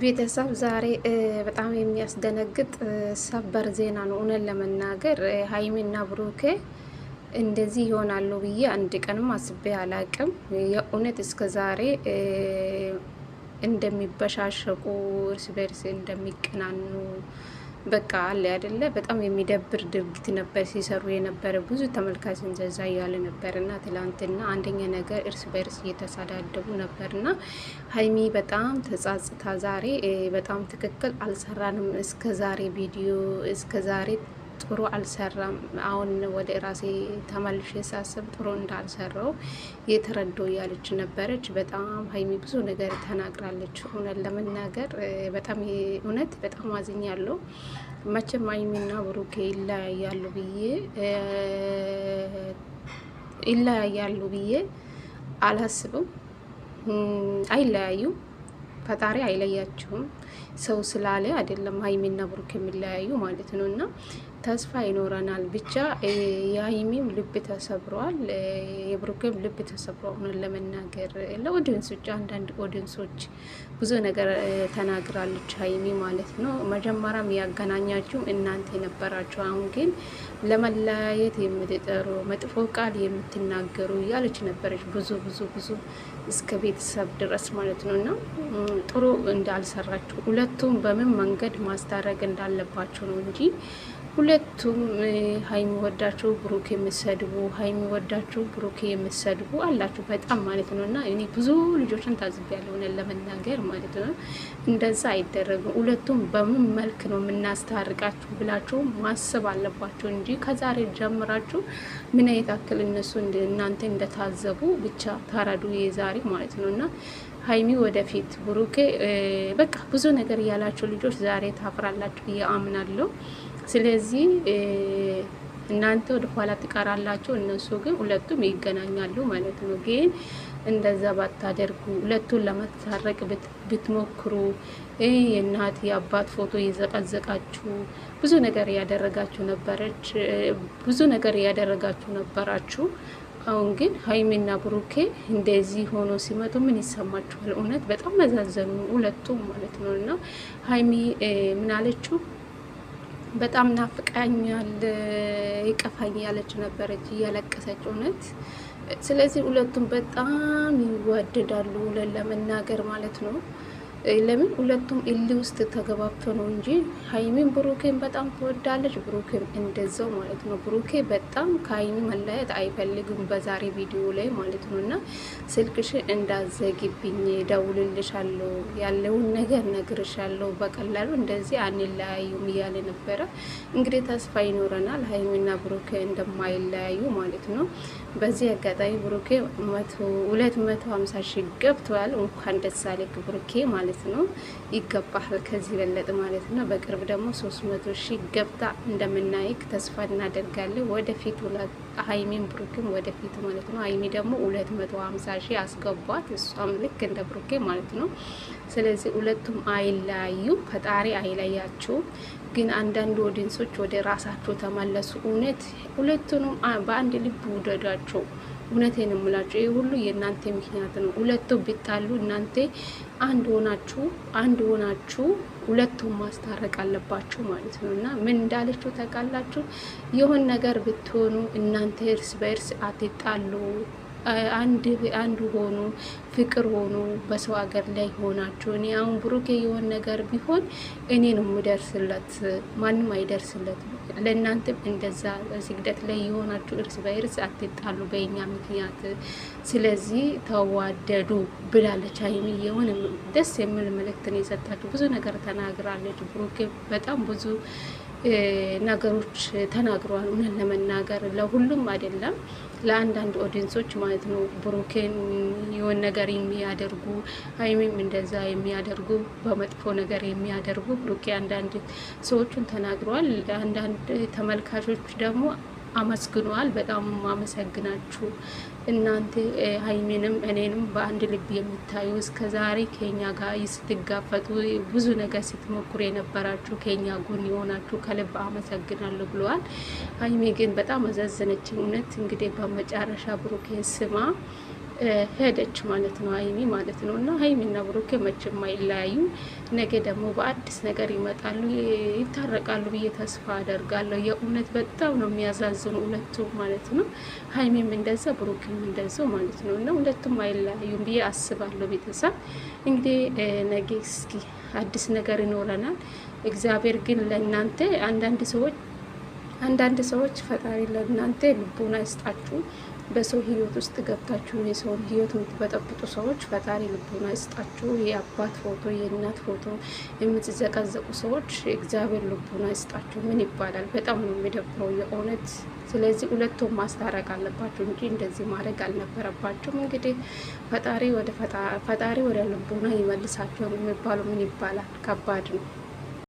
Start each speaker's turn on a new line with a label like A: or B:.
A: ቤተሰብ ዛሬ በጣም የሚያስደነግጥ ሰበር ዜና ነው። እውነት ለመናገር ሀይሜና ብሩኬ እንደዚህ ይሆናሉ ብዬ አንድ ቀንም አስቤ አላቅም። የእውነት እስከ ዛሬ እንደሚበሻሸቁ እርስ በርስ እንደሚቀናኑ በቃ አለ አይደለ በጣም የሚደብር ድርጊት ነበር ሲሰሩ የነበረ ብዙ ተመልካች እንዘዛ እያለ ነበር እና ትላንትና አንደኛ ነገር እርስ በእርስ እየተሳዳደቡ ነበር እና ሀይሚ በጣም ተጻጽታ ዛሬ በጣም ትክክል አልሰራንም እስከ ዛሬ ቪዲዮ እስከ ዛሬ ጥሩ አልሰራም። አሁን ወደ ራሴ ተመልሼ ሳስብ ጥሩ እንዳልሰራው የተረዶ እያለች ነበረች። በጣም ሀይሚ ብዙ ነገር ተናግራለች። እውነት ለመናገር በጣም እውነት በጣም አዝኛለሁ። መቼም ሀይሚና ብሩኬ ይለያያሉ ብዬ ይለያያሉ ብዬ አላስብም። አይለያዩም። ፈጣሪ አይለያችሁም። ሰው ስላለ አይደለም ሀይሚና ብሩክ የሚለያዩ ማለት ነው እና ተስፋ ይኖረናል። ብቻ የሀይሚም ልብ ተሰብሯል፣ የብሩክም ልብ ተሰብሯል። ሆኖ ለመናገር ውጭ አንዳንድ ኦዲንሶች ብዙ ነገር ተናግራለች ሀይሚ ማለት ነው። መጀመሪያም ያገናኛችሁም እናንተ የነበራችሁ አሁን ግን ለመለያየት የምትጠሩ መጥፎ ቃል የምትናገሩ እያለች ነበረች ብዙ ብዙ ብዙ እስከ ቤተሰብ ድረስ ማለት ነው። እና ጥሩ እንዳልሰራችሁ ሁለቱም በምን መንገድ ማስታረግ እንዳለባቸው ነው እንጂ ሁለቱም ሀይሚ ወዳችሁ ብሩክ የምትሰድቡ ሀይሚ ወዳችሁ ብሩክ የምትሰድቡ አላችሁ በጣም ማለት ነው። እና እኔ ብዙ ልጆችን ታዝቤያለሁ ለመናገር ማለት ነው። እንደዛ አይደረግም። ሁለቱም በምን መልክ ነው የምናስታርቃችሁ ብላችሁ ማሰብ አለባችሁ እንጂ ከዛሬ ጀምራችሁ ምን አክል እነሱ እናንተ እንደታዘቡ ብቻ ታረዱ የዛሬ ማለት ነው እና ሀይሚ ወደፊት ብሩኬ በቃ ብዙ ነገር እያላቸው ልጆች ዛሬ ታፍራላችሁ ብዬ አምናለሁ። ስለዚህ እናንተ ወደ ኋላ ትቀራላችሁ፣ እነሱ ግን ሁለቱም ይገናኛሉ ማለት ነው። ግን እንደዛ ባታደርጉ ሁለቱን ለመታረቅ ብትሞክሩ የእናት የአባት ፎቶ እየዘቀዘቃችሁ ብዙ ነገር እያደረጋችሁ ነበረች፣ ብዙ ነገር እያደረጋችሁ ነበራችሁ። አሁን ግን ሀይሚና ብሩኬ እንደዚህ ሆኖ ሲመጡ ምን ይሰማችኋል? እውነት በጣም መዛዘኑ ሁለቱም ማለት ነው። እና ሀይሚ ምናለችው በጣም ናፍቃኛል፣ ይቀፋኝ ያለች ነበረች እያለቀሰች እውነት። ስለዚህ ሁለቱም በጣም ይዋደዳሉ፣ ለመናገር ማለት ነው። ለምን ሁለቱም እልህ ውስጥ ተገባብቶ ነው እንጂ ሀይሚን ብሩኬን በጣም ትወዳለች፣ ብሩኬን እንደዛው ማለት ነው። ብሩኬ በጣም ከሀይሚ መለየት አይፈልግም በዛሬ ቪዲዮ ላይ ማለት ነው። እና ስልክሽን እንዳዘግብኝ ደውልልሻለሁ፣ ያለውን ነገር ነግርሻለሁ፣ በቀላሉ እንደዚህ አንለያዩም እያለ ነበረ። እንግዲህ ተስፋ ይኖረናል ሀይሚና ብሩኬ እንደማይለያዩ ማለት ነው። በዚህ አጋጣሚ ብሩኬ ሁለት መቶ ሀምሳ ሺህ ገብተዋል። እንኳን ደስ አለህ ብሩኬ ማለት ነው። ማለት ነው። ይገባሃል ከዚህ በለጥ ማለት ነው። በቅርብ ደግሞ ሶስት መቶ ሺህ ገብታ እንደምናይክ ተስፋ እናደርጋለን። ወደፊት ሀይሚን ብሩክም ወደፊት ማለት ነው። ሀይሚ ደግሞ ሁለት መቶ ሀምሳ ሺህ አስገቧት፣ እሷም ልክ እንደ ብሩኬ ማለት ነው። ስለዚህ ሁለቱም አይለያዩ፣ ፈጣሪ አይላያቸው ግን አንዳንድ ወዲንሶች ወደ ራሳቸው ተመለሱ። እውነት ሁለቱንም በአንድ ልብ ውደዷቸው። እውነቴን የምላችሁ ይህ ሁሉ የእናንተ ምክንያት ነው። ሁለቱ ቢጣሉ እናንተ አንድ ሆናችሁ አንድ ሆናችሁ ሁለቱን ማስታረቅ አለባችሁ ማለት ነው። እና ምን እንዳለችው ታውቃላችሁ? የሆን ነገር ብትሆኑ እናንተ እርስ በእርስ አትጣሉ አንዱ ሆኑ ፍቅር ሆኑ በሰው ሀገር ላይ ሆናችሁ እኔ አሁን ብሩኬ የሆን ነገር ቢሆን እኔ ነው የምደርስለት፣ ማንም አይደርስለት። ለእናንተም እንደዛ ስግደት ላይ የሆናችሁ እርስ በእርስ አትጣሉ በኛ ምክንያት፣ ስለዚህ ተዋደዱ ብላለች ሀይሚ። የሆነ ደስ የሚል መልእክትን የሰጣችሁ ብዙ ነገር ተናግራለች። ብሩኬ በጣም ብዙ ነገሮች ተናግረዋል። እውነት ለመናገር ለሁሉም አይደለም፣ ለአንዳንድ ኦዲንሶች ማለት ነው። ብሩኬን የሆን ነገር የሚያደርጉ ሀይሚም እንደዛ የሚያደርጉ በመጥፎ ነገር የሚያደርጉ ብሩኬ አንዳንድ ሰዎቹን ተናግረዋል። አንዳንድ ተመልካቾች ደግሞ አመስግነዋል። በጣም አመሰግናችሁ እናንተ ሀይሜንም እኔንም በአንድ ልብ የምታዩ እስከዛሬ ከኛ ጋር ስትጋፈጡ ብዙ ነገር ስትሞክሩ የነበራችሁ ከኛ ጎን የሆናችሁ ከልብ አመሰግናለሁ ብለዋል። ሀይሜ ግን በጣም አዘዘነች። እውነት እንግዲህ በመጨረሻ ብሩኬ ስማ ሄደች ማለት ነው፣ ሀይሚ ማለት ነው። እና ሀይሚና ብሩኬ መቼም አይለያዩም። ነገ ደግሞ በአዲስ ነገር ይመጣሉ፣ ይታረቃሉ ብዬ ተስፋ አደርጋለሁ። የእውነት በጣም ነው የሚያዛዝኑ ሁለቱ ማለት ነው። ሀይሚም እንደዛ ብሩኬም እንደዛው ማለት ነው። እና ሁለቱም አይለያዩም ብዬ አስባለሁ። ቤተሰብ እንግዲህ ነገ እስኪ አዲስ ነገር ይኖረናል። እግዚአብሔር ግን ለእናንተ አንዳንድ ሰዎች አንዳንድ ሰዎች ፈጣሪ ለእናንተ ልቦና ይስጣችሁ። በሰው ህይወት ውስጥ ገብታችሁ የሰውን ህይወት የምትበጠብጡ ሰዎች ፈጣሪ ልቦና ይስጣችሁ። የአባት ፎቶ፣ የእናት ፎቶ የምትዘቀዘቁ ሰዎች እግዚአብሔር ልቦና ይስጣችሁ። ምን ይባላል? በጣም ነው የሚደብረው የእውነት። ስለዚህ ሁለቱም ማስታረቅ አለባችሁ እንጂ እንደዚህ ማድረግ አልነበረባችሁም። እንግዲህ ፈጣሪ ወደ ፈጣሪ ወደ ልቦና ይመልሳቸው የሚባለው ምን ይባላል? ከባድ ነው።